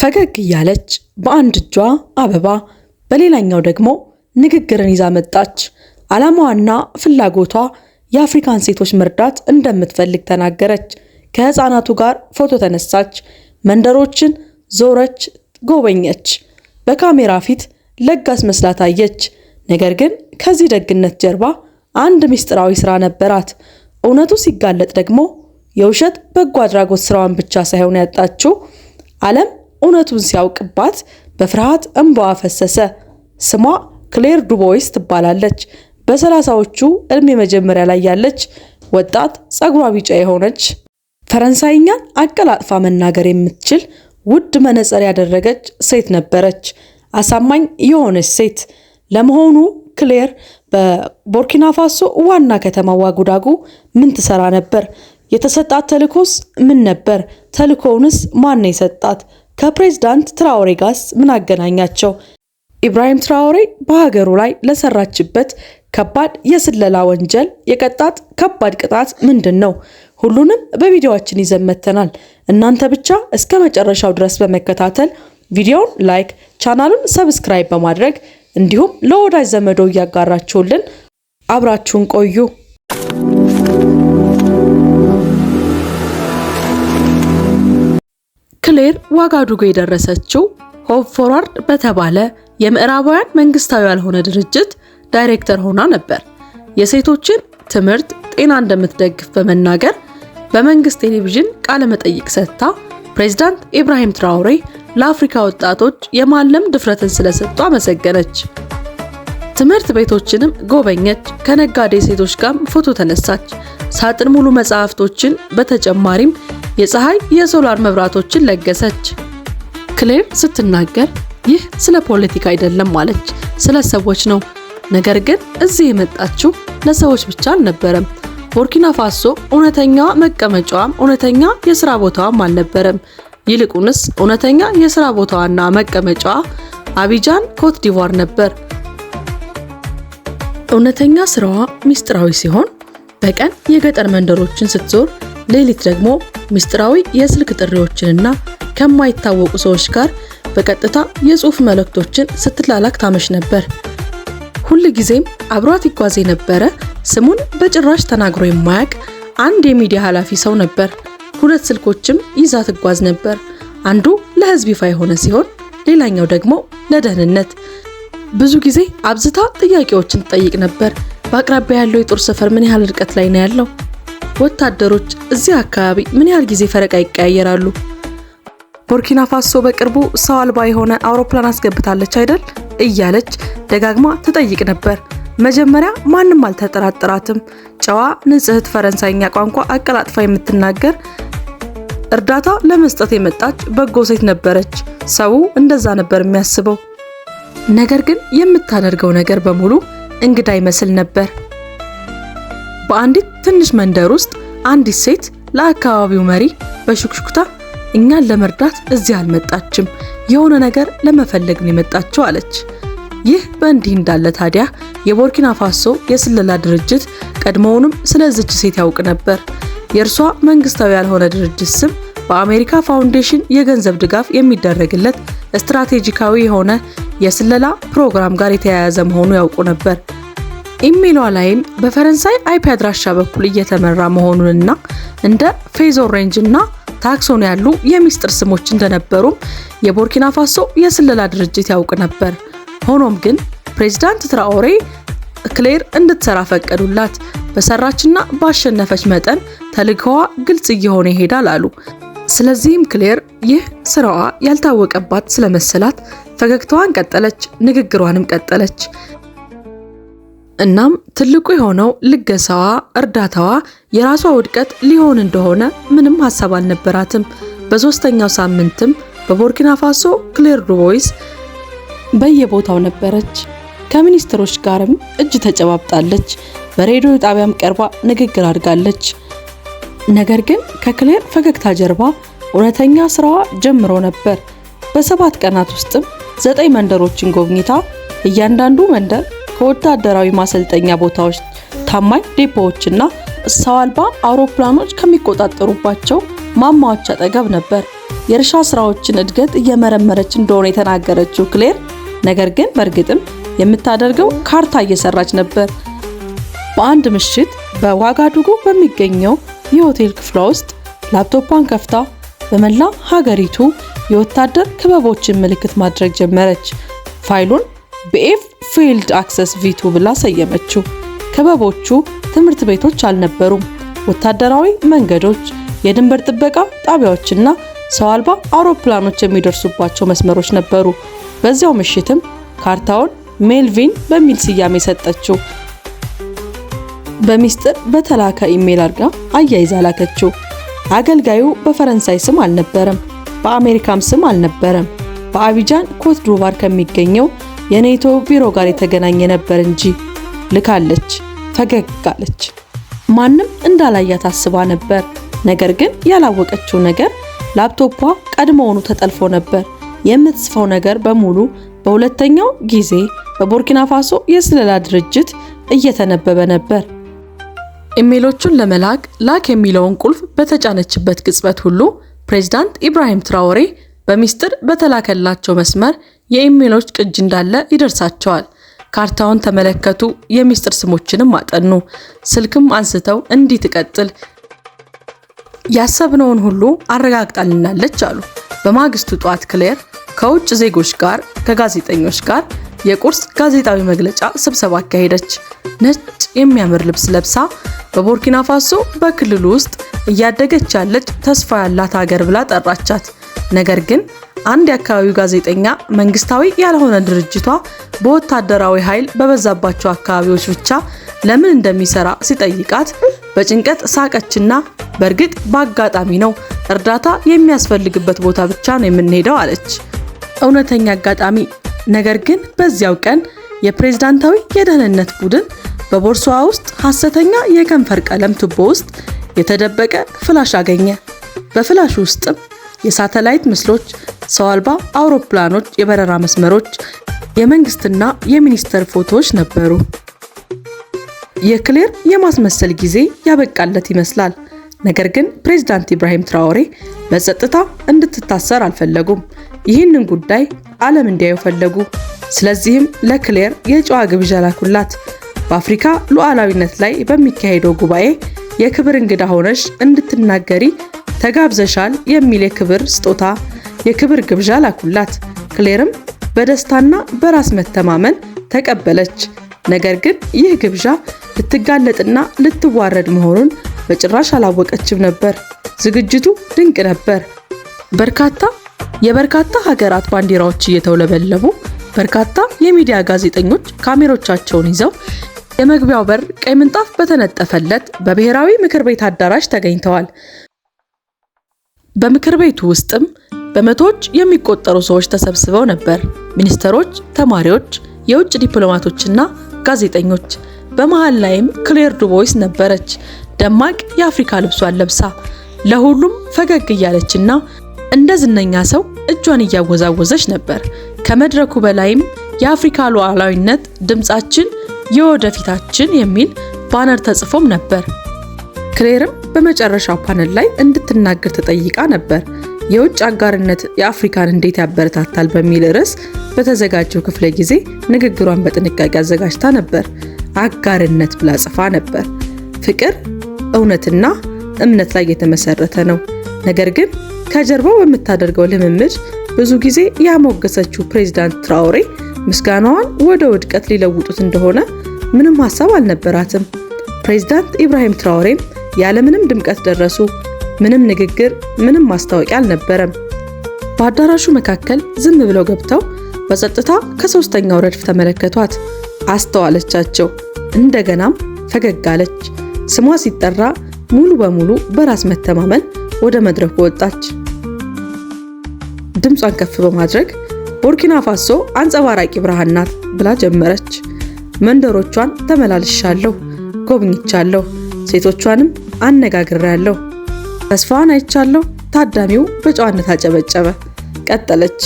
ፈገግ እያለች በአንድ እጇ አበባ በሌላኛው ደግሞ ንግግርን ይዛ መጣች። ዓላማዋና ፍላጎቷ የአፍሪካን ሴቶች መርዳት እንደምትፈልግ ተናገረች። ከህፃናቱ ጋር ፎቶ ተነሳች። መንደሮችን ዞረች፣ ጎበኘች። በካሜራ ፊት ለጋስ መስላ ታየች። ነገር ግን ከዚህ ደግነት ጀርባ አንድ ምስጢራዊ ስራ ነበራት። እውነቱ ሲጋለጥ ደግሞ የውሸት በጎ አድራጎት ስራዋን ብቻ ሳይሆን ያጣችው ዓለም እውነቱን ሲያውቅባት በፍርሃት እንባዋ ፈሰሰ። ስሟ ክሌር ዱቦይስ ትባላለች። በሰላሳዎቹ እድሜ መጀመሪያ ላይ ያለች ወጣት ጸጉሯ ቢጫ የሆነች ፈረንሳይኛን አቀላጥፋ መናገር የምትችል ውድ መነጽር ያደረገች ሴት ነበረች። አሳማኝ የሆነች ሴት ለመሆኑ ክሌር በቦርኪና ፋሶ ዋና ከተማ ዋጉዳጉ ምን ትሰራ ነበር? የተሰጣት ተልኮስ ምን ነበር? ተልኮውንስ ማን የሰጣት? ከፕሬዝዳንት ትራኦሬ ጋስ ምን አገናኛቸው? ኢብራሂም ትራኦሬ በሀገሩ ላይ ለሰራችበት ከባድ የስለላ ወንጀል የቀጣት ከባድ ቅጣት ምንድን ነው? ሁሉንም በቪዲዮአችን ይዘን መጥተናል። እናንተ ብቻ እስከ መጨረሻው ድረስ በመከታተል ቪዲዮውን ላይክ፣ ቻናሉን ሰብስክራይብ በማድረግ እንዲሁም ለወዳጅ ዘመዶ እያጋራችሁልን አብራችሁን ቆዩ። ክሌር ዋጋዱጉ የደረሰችው ሆፕ ፎርዋርድ በተባለ የምዕራባውያን መንግስታዊ ያልሆነ ድርጅት ዳይሬክተር ሆና ነበር። የሴቶችን ትምህርት፣ ጤና እንደምትደግፍ በመናገር በመንግስት ቴሌቪዥን ቃለ መጠይቅ ሰጥታ ፕሬዚዳንት ኢብራሂም ትራውሬ ለአፍሪካ ወጣቶች የማለም ድፍረትን ስለሰጡ አመሰገነች። ትምህርት ቤቶችንም ጎበኘች። ከነጋዴ ሴቶች ጋር ፎቶ ተነሳች። ሳጥን ሙሉ መጽሐፍቶችን በተጨማሪም የፀሐይ የሶላር መብራቶችን ለገሰች። ክሌር ስትናገር ይህ ስለ ፖለቲካ አይደለም አለች፣ ስለ ሰዎች ነው። ነገር ግን እዚህ የመጣችው ለሰዎች ብቻ አልነበረም። ቡርኪና ፋሶ እውነተኛ መቀመጫዋም እውነተኛ የስራ ቦታዋም አልነበረም። ይልቁንስ እውነተኛ የስራ ቦታዋና መቀመጫዋ አቢጃን ኮት ዲቫር ነበር። እውነተኛ ስራዋ ሚስጥራዊ ሲሆን በቀን የገጠር መንደሮችን ስትዞር ሌሊት ደግሞ ምስጢራዊ የስልክ ጥሪዎችንና ከማይታወቁ ሰዎች ጋር በቀጥታ የጽሑፍ መልእክቶችን ስትላላክ ታመሽ ነበር። ሁል ጊዜም አብሯት ይጓዝ የነበረ ስሙን በጭራሽ ተናግሮ የማያውቅ አንድ የሚዲያ ኃላፊ ሰው ነበር። ሁለት ስልኮችም ይዛ ትጓዝ ነበር። አንዱ ለህዝብ ይፋ የሆነ ሲሆን፣ ሌላኛው ደግሞ ለደህንነት። ብዙ ጊዜ አብዝታ ጥያቄዎችን ትጠይቅ ነበር። በአቅራቢያ ያለው የጦር ሰፈር ምን ያህል ርቀት ላይ ነው ያለው? ወታደሮች እዚህ አካባቢ ምን ያህል ጊዜ ፈረቃ ይቀያየራሉ? ቡርኪና ፋሶ በቅርቡ ሰው አልባ የሆነ አውሮፕላን አስገብታለች አይደል? እያለች ደጋግማ ትጠይቅ ነበር። መጀመሪያ ማንም አልተጠራጠራትም። ጨዋ ንጽህት ፈረንሳይኛ ቋንቋ አቀላጥፋ የምትናገር እርዳታ ለመስጠት የመጣች በጎ ሴት ነበረች። ሰው እንደዛ ነበር የሚያስበው። ነገር ግን የምታደርገው ነገር በሙሉ እንግዳ ይመስል ነበር። በአንዲት ትንሽ መንደር ውስጥ አንዲት ሴት ለአካባቢው መሪ በሹክሹክታ እኛን ለመርዳት እዚህ አልመጣችም፣ የሆነ ነገር ለመፈለግ ነው የመጣችው አለች። ይህ በእንዲህ እንዳለ ታዲያ የቦርኪና ፋሶ የስለላ ድርጅት ቀድሞውንም ስለዚች ሴት ያውቅ ነበር። የእርሷ መንግስታዊ ያልሆነ ድርጅት ስም በአሜሪካ ፋውንዴሽን የገንዘብ ድጋፍ የሚደረግለት ስትራቴጂካዊ የሆነ የስለላ ፕሮግራም ጋር የተያያዘ መሆኑ ያውቁ ነበር። ኢሜሏ ላይም በፈረንሳይ አይፒ አድራሻ በኩል እየተመራ መሆኑንና እንደ ፌዞ ሬንጅ እና ታክሶን ያሉ የሚስጥር ስሞች እንደነበሩም የቡርኪና ፋሶ የስለላ ድርጅት ያውቅ ነበር። ሆኖም ግን ፕሬዚዳንት ትራኦሬ ክሌር እንድትሰራ ፈቀዱላት። በሰራችና ባሸነፈች መጠን ተልእኮዋ ግልጽ እየሆነ ይሄዳል አሉ። ስለዚህም ክሌር ይህ ስራዋ ያልታወቀባት ስለመሰላት ፈገግታዋን ቀጠለች፣ ንግግሯንም ቀጠለች። እናም ትልቁ የሆነው ልገሳዋ፣ እርዳታዋ የራሷ ውድቀት ሊሆን እንደሆነ ምንም ሀሳብ አልነበራትም። በሶስተኛው ሳምንትም በቦርኪና ፋሶ ክሌር ዱቦይስ በየቦታው ነበረች። ከሚኒስትሮች ጋርም እጅ ተጨባብጣለች። በሬዲዮ ጣቢያም ቀርባ ንግግር አድርጋለች። ነገር ግን ከክሌር ፈገግታ ጀርባ እውነተኛ ስራዋ ጀምሮ ነበር። በሰባት ቀናት ውስጥም ዘጠኝ መንደሮችን ጎብኝታ እያንዳንዱ መንደር ከወታደራዊ ማሰልጠኛ ቦታዎች፣ ታማኝ ዴፖዎችና ሰው አልባ አውሮፕላኖች ከሚቆጣጠሩባቸው ማማዎች አጠገብ ነበር። የእርሻ ስራዎችን እድገት እየመረመረች እንደሆነ የተናገረችው ክሌር ነገር ግን በእርግጥም የምታደርገው ካርታ እየሰራች ነበር። በአንድ ምሽት በዋጋዱጉ በሚገኘው የሆቴል ክፍሏ ውስጥ ላፕቶፓን ከፍታ በመላ ሀገሪቱ የወታደር ክበቦችን ምልክት ማድረግ ጀመረች። ፋይሉን በኤፍ ፊልድ አክሰስ ቪቱ ብላ ሰየመችው። ክበቦቹ ትምህርት ቤቶች አልነበሩም። ወታደራዊ መንገዶች፣ የድንበር ጥበቃ ጣቢያዎችና ሰው አልባ አውሮፕላኖች የሚደርሱባቸው መስመሮች ነበሩ። በዚያው ምሽትም ካርታውን ሜልቪን በሚል ስያሜ ሰጠችው። በሚስጥር በተላከ ኢሜል አድርጋ አያይዛ ላከችው። አገልጋዩ በፈረንሳይ ስም አልነበረም፣ በአሜሪካም ስም አልነበረም። በአቢጃን ኮትዲቯር ከሚገኘው የኔቶ ቢሮ ጋር የተገናኘ ነበር እንጂ ልካለች። ፈገግ አለች። ማንም እንዳላያት አስባ ነበር። ነገር ግን ያላወቀችው ነገር ላፕቶፖ ቀድሞውኑ ተጠልፎ ነበር። የምትጽፈው ነገር በሙሉ በሁለተኛው ጊዜ በቡርኪና ፋሶ የስለላ ድርጅት እየተነበበ ነበር። ኢሜሎቹን ለመላክ ላክ የሚለውን ቁልፍ በተጫነችበት ቅጽበት ሁሉ ፕሬዚዳንት ኢብራሂም ትራወሬ በሚስጥር በተላከላቸው መስመር የኢሜሎች ቅጅ እንዳለ ይደርሳቸዋል። ካርታውን ተመለከቱ፣ የሚስጥር ስሞችንም አጠኑ። ስልክም አንስተው እንዲህ ትቀጥል ያሰብነውን ሁሉ አረጋግጣልናለች አሉ። በማግስቱ ጠዋት ክሌር ከውጭ ዜጎች ጋር ከጋዜጠኞች ጋር የቁርስ ጋዜጣዊ መግለጫ ስብሰባ አካሄደች። ነጭ የሚያምር ልብስ ለብሳ በቦርኪና ፋሶ በክልሉ ውስጥ እያደገች ያለች ተስፋ ያላት ሀገር ብላ ጠራቻት። ነገር ግን አንድ የአካባቢው ጋዜጠኛ መንግስታዊ ያልሆነ ድርጅቷ በወታደራዊ ኃይል በበዛባቸው አካባቢዎች ብቻ ለምን እንደሚሰራ ሲጠይቃት በጭንቀት ሳቀችና በእርግጥ በአጋጣሚ ነው እርዳታ የሚያስፈልግበት ቦታ ብቻ ነው የምንሄደው አለች። እውነተኛ አጋጣሚ። ነገር ግን በዚያው ቀን የፕሬዝዳንታዊ የደህንነት ቡድን በቦርሳዋ ውስጥ ሐሰተኛ የከንፈር ቀለም ቱቦ ውስጥ የተደበቀ ፍላሽ አገኘ። በፍላሽ ውስጥም የሳተላይት ምስሎች፣ ሰው አልባ አውሮፕላኖች፣ የበረራ መስመሮች፣ የመንግስትና የሚኒስቴር ፎቶዎች ነበሩ። የክሌር የማስመሰል ጊዜ ያበቃለት ይመስላል። ነገር ግን ፕሬዚዳንት ኢብራሂም ትራኦሬ በጸጥታ እንድትታሰር አልፈለጉም። ይህንን ጉዳይ ዓለም እንዲያዩ ፈለጉ። ስለዚህም ለክሌር የጨዋ ግብዣ ላኩላት። በአፍሪካ ሉዓላዊነት ላይ በሚካሄደው ጉባኤ የክብር እንግዳ ሆነሽ እንድትናገሪ ተጋብዘሻል የሚል የክብር ስጦታ የክብር ግብዣ ላኩላት። ክሌርም በደስታና በራስ መተማመን ተቀበለች። ነገር ግን ይህ ግብዣ ልትጋለጥና ልትዋረድ መሆኑን በጭራሽ አላወቀችም ነበር። ዝግጅቱ ድንቅ ነበር። በርካታ የበርካታ ሀገራት ባንዲራዎች እየተውለበለቡ፣ በርካታ የሚዲያ ጋዜጠኞች ካሜሮቻቸውን ይዘው የመግቢያው በር ቀይ ምንጣፍ በተነጠፈለት በብሔራዊ ምክር ቤት አዳራሽ ተገኝተዋል። በምክር ቤቱ ውስጥም በመቶዎች የሚቆጠሩ ሰዎች ተሰብስበው ነበር። ሚኒስተሮች፣ ተማሪዎች፣ የውጭ ዲፕሎማቶችና ጋዜጠኞች። በመሃል ላይም ክሌር ዱቦይስ ነበረች፣ ደማቅ የአፍሪካ ልብሷን ለብሳ ለሁሉም ፈገግ እያለችና እንደ ዝነኛ ሰው እጇን እያወዛወዘች ነበር። ከመድረኩ በላይም የአፍሪካ ሉዓላዊነት ድምጻችን የወደፊታችን የሚል ባነር ተጽፎም ነበር። ክሌርም በመጨረሻው ፓነል ላይ እንድትናገር ተጠይቃ ነበር። የውጭ አጋርነት የአፍሪካን እንዴት ያበረታታል በሚል ርዕስ በተዘጋጀው ክፍለ ጊዜ ንግግሯን በጥንቃቄ አዘጋጅታ ነበር። አጋርነት ብላ ጽፋ ነበር። ፍቅር እውነትና እምነት ላይ የተመሰረተ ነው። ነገር ግን ከጀርባው በምታደርገው ልምምድ ብዙ ጊዜ ያሞገሰችው ፕሬዚዳንት ትራውሬ ምስጋናዋን ወደ ውድቀት ሊለውጡት እንደሆነ ምንም ሀሳብ አልነበራትም። ፕሬዚዳንት ኢብራሂም ትራውሬም ያለምንም ድምቀት ደረሱ። ምንም ንግግር፣ ምንም ማስታወቂያ አልነበረም። በአዳራሹ መካከል ዝም ብለው ገብተው በጸጥታ ከሶስተኛው ረድፍ ተመለከቷት። አስተዋለቻቸው። እንደገናም ፈገግ አለች። ስሟ ሲጠራ ሙሉ በሙሉ በራስ መተማመን ወደ መድረኩ ወጣች። ድምጿን ከፍ በማድረግ ቡርኪና ፋሶ አንጸባራቂ ብርሃን ናት ብላ ጀመረች። መንደሮቿን ተመላልሻለሁ፣ ጎብኝቻለሁ፣ ሴቶቿንም አነጋግሬያለሁ። ተስፋዋን አይቻለሁ። ታዳሚው በጨዋነት አጨበጨበ። ቀጠለች።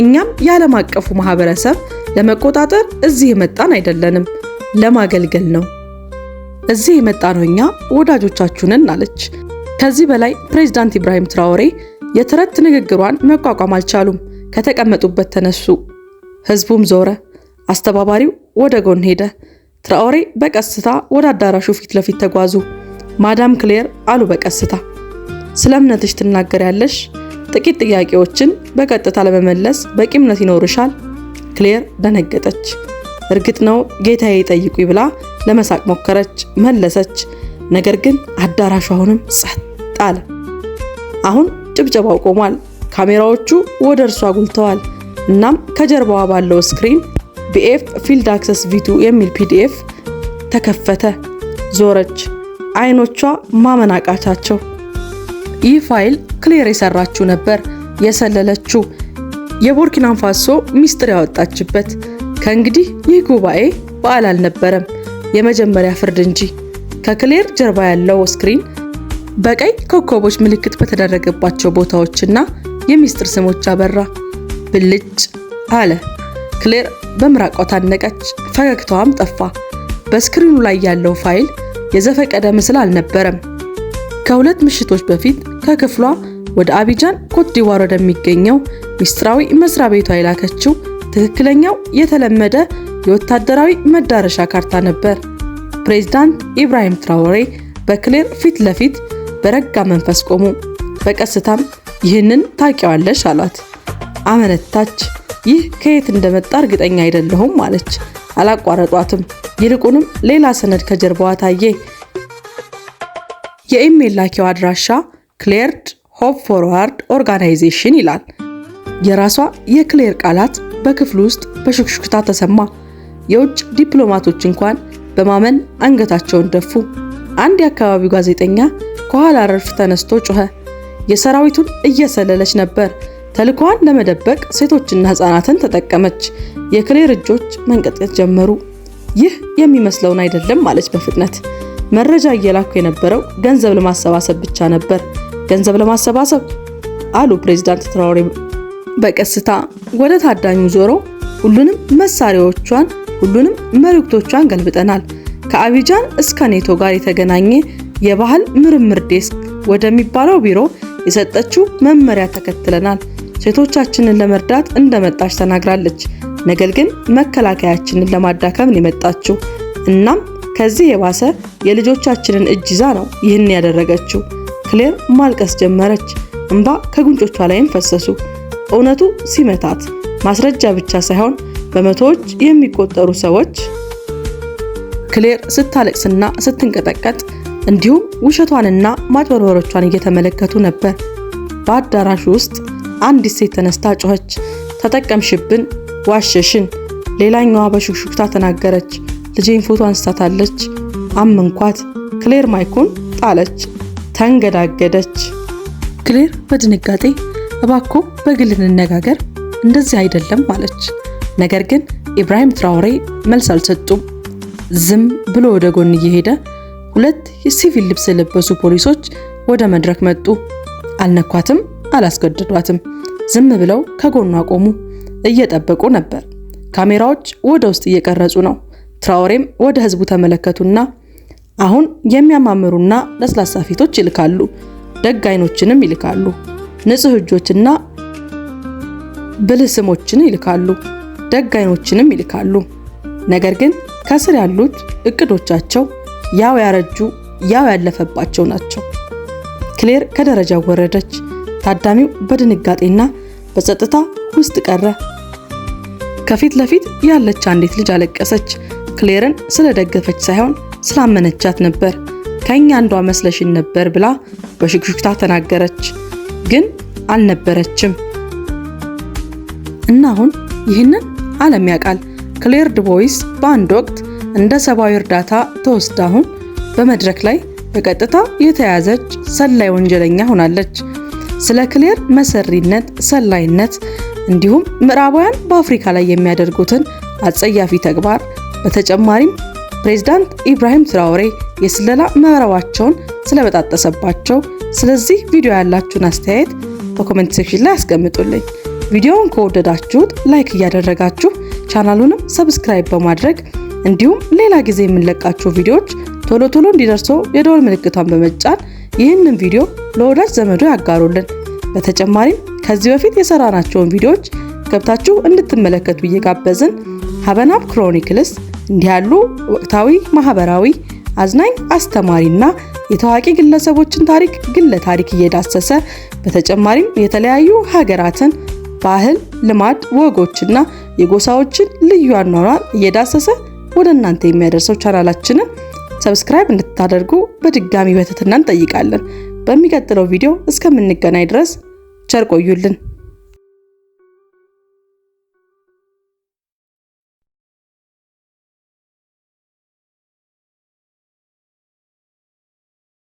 እኛም የዓለም አቀፉ ማህበረሰብ ለመቆጣጠር እዚህ የመጣን አይደለንም፣ ለማገልገል ነው እዚህ የመጣነው እኛ ወዳጆቻችሁንን አለች። ከዚህ በላይ ፕሬዚዳንት ኢብራሂም ትራኦሬ የተረት ንግግሯን መቋቋም አልቻሉም። ከተቀመጡበት ተነሱ። ህዝቡም ዞረ። አስተባባሪው ወደ ጎን ሄደ። ትራኦሬ በቀስታ ወደ አዳራሹ ፊት ለፊት ተጓዙ። ማዳም ክሌር አሉ በቀስታ። ስለ እምነትሽ ትናገሪያለሽ። ጥቂት ጥያቄዎችን በቀጥታ ለመመለስ በቂ እምነት ይኖርሻል። ክሌር ደነገጠች። እርግጥ ነው ጌታዬ ይጠይቁ ብላ ለመሳቅ ሞከረች፣ መለሰች። ነገር ግን አዳራሹ አሁንም ጸጥ አለ። አሁን ጭብጨባው ቆሟል። ካሜራዎቹ ወደ እርሱ አጉልተዋል። እናም ከጀርባዋ ባለው ስክሪን ቢኤፍ ፊልድ አክሰስ ቪቱ የሚል ፒዲኤፍ ተከፈተ። ዞረች። አይኖቿ ማመን አቃታቸው። ይህ ፋይል ክሌር የሰራችው ነበር የሰለለችው የቡርኪና ፋሶ ሚስጥር ያወጣችበት። ከእንግዲህ ይህ ጉባኤ በዓል አልነበረም፣ የመጀመሪያ ፍርድ እንጂ። ከክሌር ጀርባ ያለው ስክሪን በቀይ ኮከቦች ምልክት በተደረገባቸው ቦታዎችና የሚስጥር ስሞች አበራ። ብልጭ አለ። ክሌር በምራቋ ታነቀች፣ ፈገግታዋም ጠፋ። በስክሪኑ ላይ ያለው ፋይል የዘፈቀደ ምስል አልነበረም። ከሁለት ምሽቶች በፊት ከክፍሏ ወደ አቢጃን ኮትዲቫር ወደሚገኘው ሚስጥራዊ መስሪያ ቤቷ የላከችው ትክክለኛው የተለመደ የወታደራዊ መዳረሻ ካርታ ነበር። ፕሬዝዳንት ኢብራሂም ትራወሬ በክሌር ፊት ለፊት በረጋ መንፈስ ቆሙ። በቀስታም ይህንን ታውቂዋለሽ አሏት። አመነታች። ይህ ከየት እንደመጣ እርግጠኛ አይደለሁም አለች። አላቋረጧትም። ይልቁንም ሌላ ሰነድ ከጀርባዋ ታየ። የኢሜል ላኪው አድራሻ ክሌርድ ሆፕ ፎርዋርድ ኦርጋናይዜሽን ይላል። የራሷ የክሌር ቃላት በክፍሉ ውስጥ በሹክሹክታ ተሰማ። የውጭ ዲፕሎማቶች እንኳን በማመን አንገታቸውን ደፉ። አንድ የአካባቢው ጋዜጠኛ ከኋላ ረድፍ ተነስቶ ጮኸ። የሰራዊቱን እየሰለለች ነበር። ተልኳን ለመደበቅ ሴቶችና ህፃናትን ተጠቀመች። የክሌር እጆች መንቀጥቀጥ ጀመሩ። ይህ የሚመስለውን አይደለም አለች በፍጥነት። መረጃ እየላኩ የነበረው ገንዘብ ለማሰባሰብ ብቻ ነበር። ገንዘብ ለማሰባሰብ አሉ ፕሬዚዳንት ትራኦሬ በቀስታ ወደ ታዳኙ ዞሮ ሁሉንም መሳሪያዎቿን ሁሉንም መልእክቶቿን ገልብጠናል። ከአቢጃን እስከ ኔቶ ጋር የተገናኘ የባህል ምርምር ዴስክ ወደሚባለው ቢሮ የሰጠችው መመሪያ ተከትለናል። ሴቶቻችንን ለመርዳት እንደመጣች ተናግራለች። ነገር ግን መከላከያችንን ለማዳከም ነው የመጣችው። እናም ከዚህ የባሰ የልጆቻችንን እጅ ይዛ ነው ይህን ያደረገችው። ክሌር ማልቀስ ጀመረች። እንባ ከጉንጮቿ ላይም ፈሰሱ። እውነቱ ሲመታት ማስረጃ ብቻ ሳይሆን በመቶዎች የሚቆጠሩ ሰዎች ክሌር ስታለቅስና ስትንቀጠቀጥ እንዲሁም ውሸቷንና ማጭበርበሮቿን እየተመለከቱ ነበር። በአዳራሹ ውስጥ አንዲት ሴት ተነስታ ጮኸች፣ ተጠቀምሽብን፣ ዋሸሽን። ሌላኛዋ በሹክሹክታ ተናገረች፣ ልጄን ፎቶ አንስታታለች፣ አመንኳት። ክሌር ማይኩን ጣለች፣ ተንገዳገደች። ክሌር በድንጋጤ እባኮ በግል እንነጋገር፣ እንደዚህ አይደለም አለች። ነገር ግን ኢብራሂም ትራውሬ መልስ አልሰጡም። ዝም ብሎ ወደ ጎን እየሄደ ሁለት የሲቪል ልብስ የለበሱ ፖሊሶች ወደ መድረክ መጡ። አልነኳትም አላስገድዷትም። ዝም ብለው ከጎኗ ቆሙ፣ እየጠበቁ ነበር። ካሜራዎች ወደ ውስጥ እየቀረጹ ነው። ትራውሬም ወደ ህዝቡ ተመለከቱና አሁን የሚያማምሩና ለስላሳ ፊቶች ይልካሉ፣ ደግ አይኖችንም ይልካሉ፣ ንጹህ እጆችና ብልህ ስሞችን ይልካሉ፣ ደግ አይኖችንም ይልካሉ። ነገር ግን ከስር ያሉት እቅዶቻቸው ያው ያረጁ ያው ያለፈባቸው ናቸው። ክሌር ከደረጃው ወረደች። ታዳሚው በድንጋጤና በጸጥታ ውስጥ ቀረ። ከፊት ለፊት ያለች አንዲት ልጅ አለቀሰች። ክሌርን ስለደገፈች ሳይሆን ስላመነቻት ነበር። ከኛ አንዷ መስለሽን ነበር ብላ በሽክሽክታ ተናገረች፣ ግን አልነበረችም። እና አሁን ይህንን ዓለም ያውቃል። ክሌር ድቦይስ በአንድ ወቅት እንደ ሰብአዊ እርዳታ ተወስዳ አሁን በመድረክ ላይ በቀጥታ የተያዘች ሰላይ ወንጀለኛ ሆናለች። ስለ ክሌር መሰሪነት፣ ሰላይነት እንዲሁም ምዕራባውያን በአፍሪካ ላይ የሚያደርጉትን አጸያፊ ተግባር በተጨማሪም ፕሬዝዳንት ኢብራሂም ትራውሬ የስለላ መረባቸውን ስለበጣጠሰባቸው ስለዚህ ቪዲዮ ያላችሁን አስተያየት በኮሜንት ሴክሽን ላይ አስቀምጡልኝ። ቪዲዮውን ከወደዳችሁት ላይክ እያደረጋችሁ ቻናሉንም ሰብስክራይብ በማድረግ እንዲሁም ሌላ ጊዜ የምንለቃቸው ቪዲዮዎች ቶሎ ቶሎ እንዲደርሰው የደወል ምልክቷን በመጫን ይህንን ቪዲዮ ለወዳጅ ዘመዶ ያጋሩልን። በተጨማሪም ከዚህ በፊት የሰራናቸውን ቪዲዮዎች ገብታችሁ እንድትመለከቱ እየጋበዝን ሀበናብ ክሮኒክልስ እንዲህ ያሉ ወቅታዊ፣ ማህበራዊ፣ አዝናኝ፣ አስተማሪና የታዋቂ ግለሰቦችን ታሪክ ግለ ታሪክ እየዳሰሰ በተጨማሪም የተለያዩ ሀገራትን ባህል፣ ልማድ፣ ወጎችና የጎሳዎችን ልዩ አኗኗር እየዳሰሰ ወደ እናንተ የሚያደርሰው ቻናላችንን ሰብስክራይብ እንድታደርጉ በድጋሚ በትህትና እንጠይቃለን። በሚቀጥለው ቪዲዮ እስከምንገናኝ ድረስ ቸር ቆዩልን።